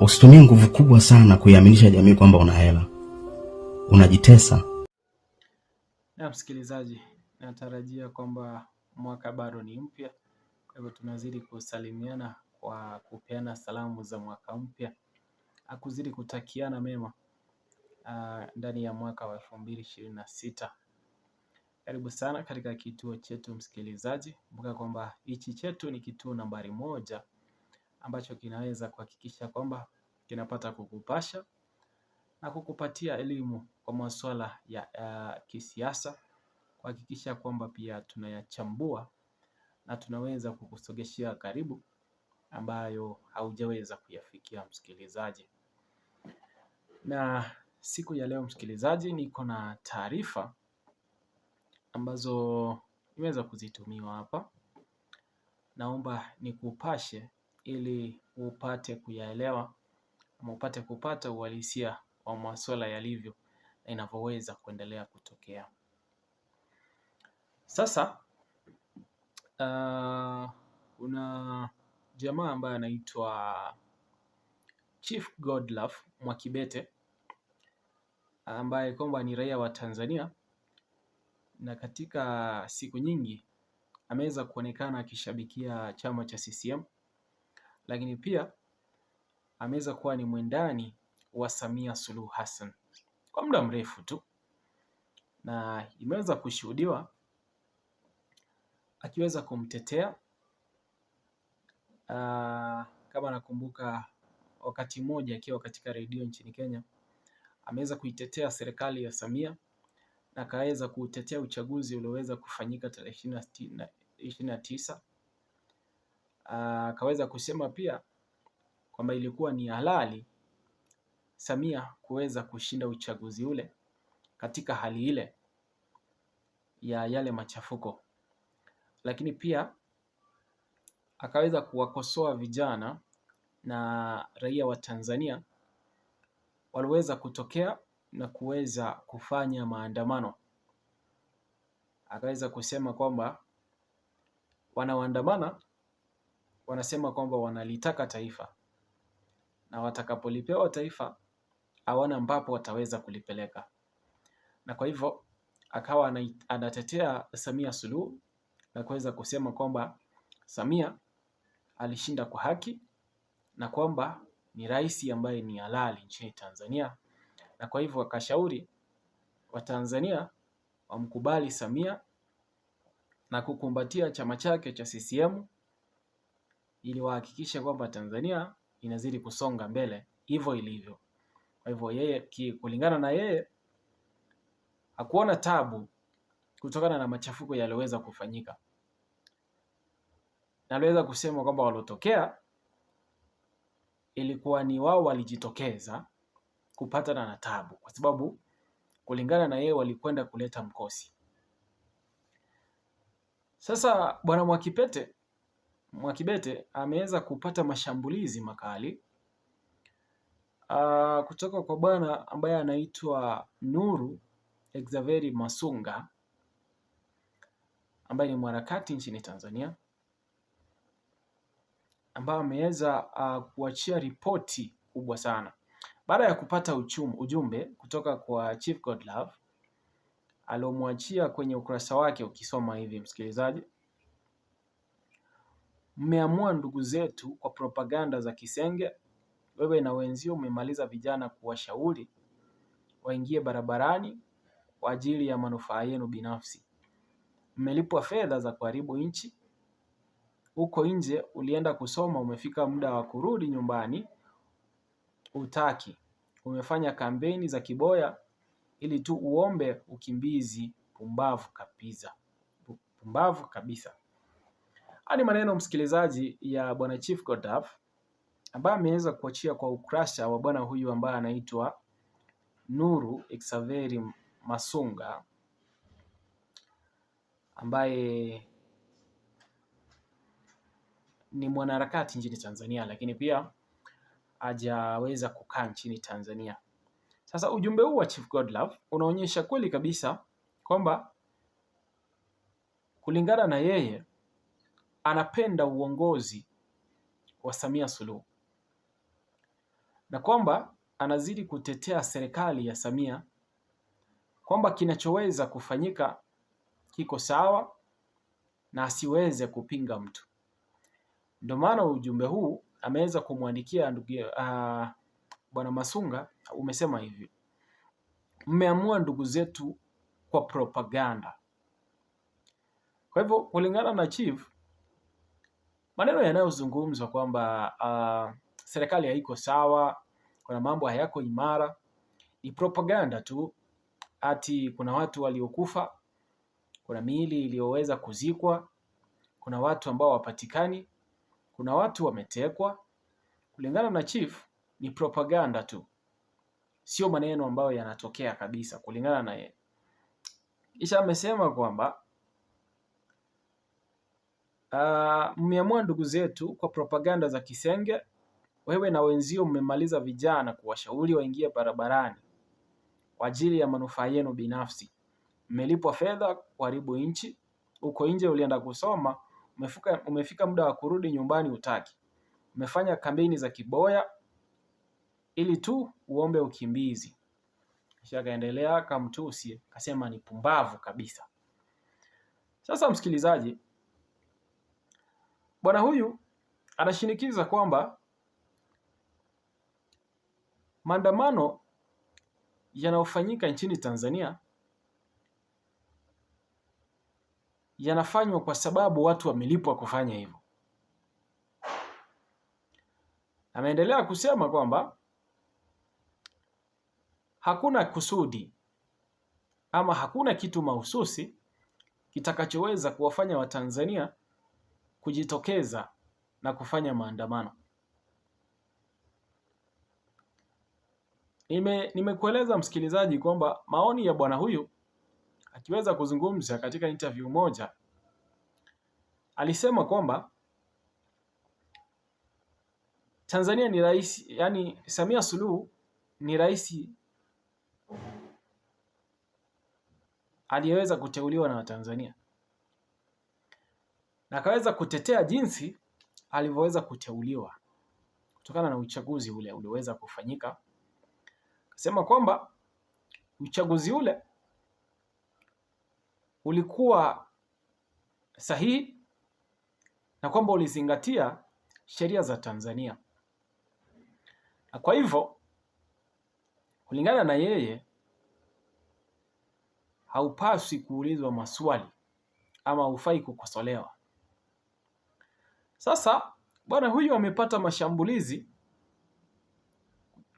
Usitumie nguvu kubwa sana kuiaminisha jamii kwamba una hela, unajitesa. Na msikilizaji, natarajia kwamba mwaka bado ni mpya, kwa hivyo tunazidi kusalimiana kwa kupeana salamu za mwaka mpya, akuzidi kutakiana mema ah, ndani ya mwaka wa elfu mbili ishirini na sita. Karibu sana katika kituo chetu msikilizaji, kumbuka kwamba hichi chetu ni kituo nambari moja ambacho kinaweza kuhakikisha kwamba kinapata kukupasha na kukupatia elimu kwa masuala ya uh, kisiasa, kuhakikisha kwamba pia tunayachambua na tunaweza kukusogeshea karibu ambayo haujaweza kuyafikia msikilizaji. Na siku ya leo msikilizaji, niko na taarifa ambazo nimeweza kuzitumiwa hapa, naomba nikupashe ili upate kuyaelewa ama upate kupata uhalisia wa masuala yalivyo na inavyoweza kuendelea kutokea. Sasa uh, kuna jamaa ambaye anaitwa Chief Godlove Mwakibete ambaye kwamba ni raia wa Tanzania na katika siku nyingi ameweza kuonekana akishabikia chama cha CCM lakini pia ameweza kuwa ni mwendani wa Samia Suluhu Hassan kwa muda mrefu tu, na imeweza kushuhudiwa akiweza kumtetea aa, ah, kama nakumbuka wakati mmoja akiwa katika redio nchini Kenya ameweza kuitetea serikali ya Samia na akaweza kuutetea uchaguzi ulioweza kufanyika tarehe ishirini na tisa akaweza uh, kusema pia kwamba ilikuwa ni halali Samia kuweza kushinda uchaguzi ule katika hali ile ya yale machafuko, lakini pia akaweza kuwakosoa vijana na raia wa Tanzania waliweza kutokea na kuweza kufanya maandamano. Akaweza kusema kwamba wanaoandamana wanasema kwamba wanalitaka taifa na watakapolipewa taifa hawana ambapo wataweza kulipeleka, na kwa hivyo akawa anatetea Samia Suluhu na kuweza kusema kwamba Samia alishinda kwa haki na kwamba ni rais ambaye ni halali nchini Tanzania, na kwa hivyo akashauri Watanzania wamkubali Samia na kukumbatia chama chake cha CCM ili wahakikishe kwamba Tanzania inazidi kusonga mbele hivyo ilivyo. Kwa hivyo yeye kulingana na yeye hakuona tabu kutokana na machafuko yaliyoweza kufanyika. Naweza kusema kwamba waliotokea ilikuwa ni wao walijitokeza kupatana na tabu, kwa sababu kulingana na yeye walikwenda kuleta mkosi. Sasa bwana Mwakipete Mwakibete ameweza kupata mashambulizi makali uh, kutoka kwa bwana ambaye anaitwa Nuru Exaveri Masunga ambaye ni mharakati nchini Tanzania ambaye ameweza uh, kuachia ripoti kubwa sana baada ya kupata uchum, ujumbe kutoka kwa Chief Godlove aliomwachia kwenye ukurasa wake. Ukisoma hivi msikilizaji mmeamua ndugu zetu kwa propaganda za kisenge. Wewe na wenzio umemaliza vijana kuwashauri waingie barabarani kwa ajili ya manufaa yenu binafsi. Mmelipwa fedha za kuharibu nchi. Huko nje ulienda kusoma, umefika muda wa kurudi nyumbani utaki. Umefanya kampeni za kiboya ili tu uombe ukimbizi. Pumbavu kabisa, pumbavu kabisa. Hadi ni maneno msikilizaji, ya bwana Chief Godaf ambaye ameweza kuachia kwa ukrasha wa bwana huyu ambaye anaitwa Nuru Xaveri Masunga ambaye ni mwanaharakati nchini Tanzania, lakini pia hajaweza kukaa nchini Tanzania. Sasa ujumbe huu wa Chief Godlove unaonyesha kweli kabisa kwamba kulingana na yeye anapenda uongozi wa Samia Suluhu na kwamba anazidi kutetea serikali ya Samia kwamba kinachoweza kufanyika kiko sawa na asiweze kupinga mtu. Ndio maana ujumbe huu ameweza kumwandikia ndugu uh, Bwana Masunga umesema hivi: mmeamua ndugu zetu kwa propaganda. Kwa hivyo kulingana na chief maneno yanayozungumzwa kwamba uh, serikali haiko sawa, kuna mambo hayako imara, ni propaganda tu. Ati kuna watu waliokufa, kuna miili iliyoweza kuzikwa, kuna watu ambao hawapatikani, kuna watu wametekwa. Kulingana na chief, ni propaganda tu, sio maneno ambayo yanatokea kabisa, kulingana na yeye. Kisha amesema kwamba Uh, mmeamua ndugu zetu kwa propaganda za kisenge. Wewe na wenzio mmemaliza vijana kuwashauri waingie barabarani kwa ajili ya manufaa yenu binafsi. Mmelipwa fedha kuharibu nchi. Uko nje ulienda kusoma, umefika, umefika muda wa kurudi nyumbani utaki. umefanya kampeni za kiboya ili tu uombe ukimbizi. Kisha akaendelea kamtusi, akasema ni pumbavu kabisa. Sasa msikilizaji Bwana huyu anashinikiza kwamba maandamano yanayofanyika nchini Tanzania yanafanywa kwa sababu watu wamelipwa kufanya hivyo. Ameendelea kusema kwamba hakuna kusudi ama hakuna kitu mahususi kitakachoweza kuwafanya Watanzania kujitokeza na kufanya maandamano. Nime nimekueleza msikilizaji kwamba maoni ya bwana huyu akiweza kuzungumza katika interview moja alisema kwamba Tanzania ni rais, yani Samia Suluhu ni rais aliyeweza kuteuliwa na Watanzania na akaweza kutetea jinsi alivyoweza kuteuliwa kutokana na uchaguzi ule ulioweza kufanyika. Akasema kwamba uchaguzi ule ulikuwa sahihi na kwamba ulizingatia sheria za Tanzania, na kwa hivyo kulingana na yeye haupaswi kuulizwa maswali ama haufai kukosolewa sasa bwana huyu amepata mashambulizi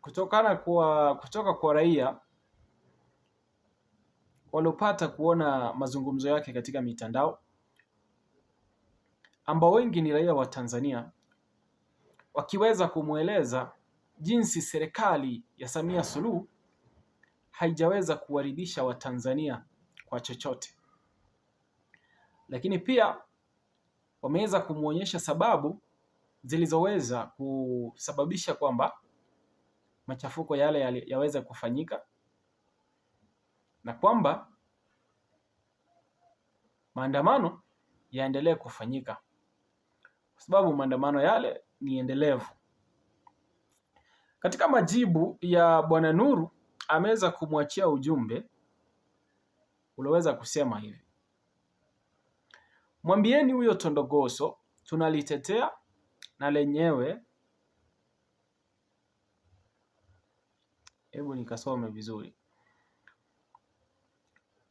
kutokana kwa kutoka kwa raia waliopata kuona mazungumzo yake katika mitandao ambao wengi ni raia wa Tanzania wakiweza kumweleza jinsi serikali ya Samia Suluhu haijaweza kuwaridhisha Watanzania kwa chochote, lakini pia wameweza kumwonyesha sababu zilizoweza kusababisha kwamba machafuko yale yaweze kufanyika na kwamba maandamano yaendelee kufanyika kwa sababu maandamano yale ni endelevu. Katika majibu ya Bwana Nuru ameweza kumwachia ujumbe ulioweza kusema hivi: Mwambieni huyo tondogoso tunalitetea na lenyewe. Hebu nikasome vizuri.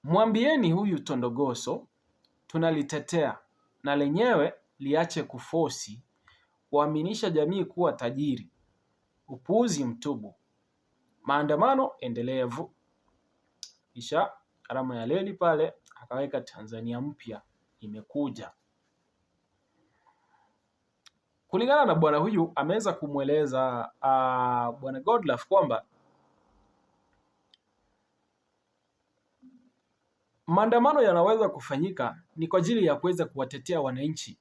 Mwambieni huyu tondogoso tunalitetea na lenyewe liache kufosi kuaminisha jamii kuwa tajiri. Upuuzi mtubu, maandamano endelevu. Kisha alama ya leli pale akaweka Tanzania mpya imekuja. Kulingana na bwana huyu ameweza kumweleza uh, bwana Godlove kwamba maandamano yanaweza kufanyika ni kwa ajili ya kuweza kuwatetea wananchi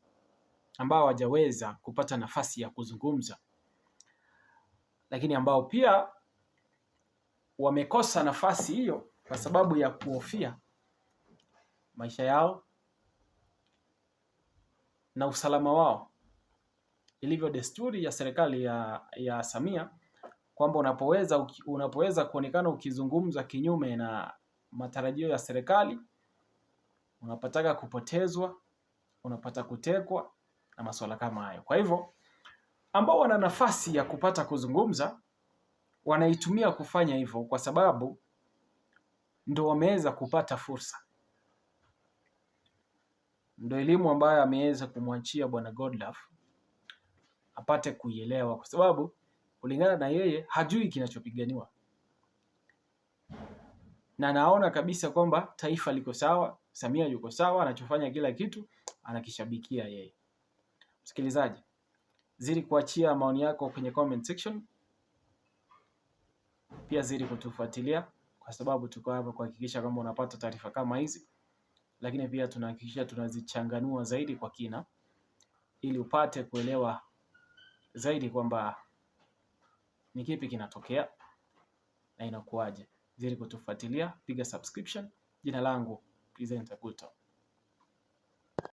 ambao hawajaweza kupata nafasi ya kuzungumza, lakini ambao pia wamekosa nafasi hiyo kwa sababu ya kuhofia maisha yao na usalama wao, ilivyo desturi ya serikali ya, ya Samia kwamba unapoweza unapoweza kuonekana ukizungumza kinyume na matarajio ya serikali unapataka kupotezwa, unapata kutekwa na masuala kama hayo. Kwa hivyo ambao wana nafasi ya kupata kuzungumza wanaitumia kufanya hivyo, kwa sababu ndo wameweza kupata fursa ndio elimu ambayo ameweza kumwachia bwana Godlove apate kuielewa, kwa sababu kulingana na yeye hajui kinachopiganiwa na naona kabisa kwamba taifa liko sawa, Samia yuko sawa, anachofanya kila kitu anakishabikia yeye. Msikilizaji, zidi kuachia maoni yako kwenye comment section, pia zidi kutufuatilia kwa sababu tuko hapa kuhakikisha kwamba unapata taarifa kama hizi lakini pia tunahakikisha tunazichanganua zaidi kwa kina, ili upate kuelewa zaidi kwamba ni kipi kinatokea na inakuwaje. Zidi kutufuatilia, piga subscription. Jina langu Presenter Guto.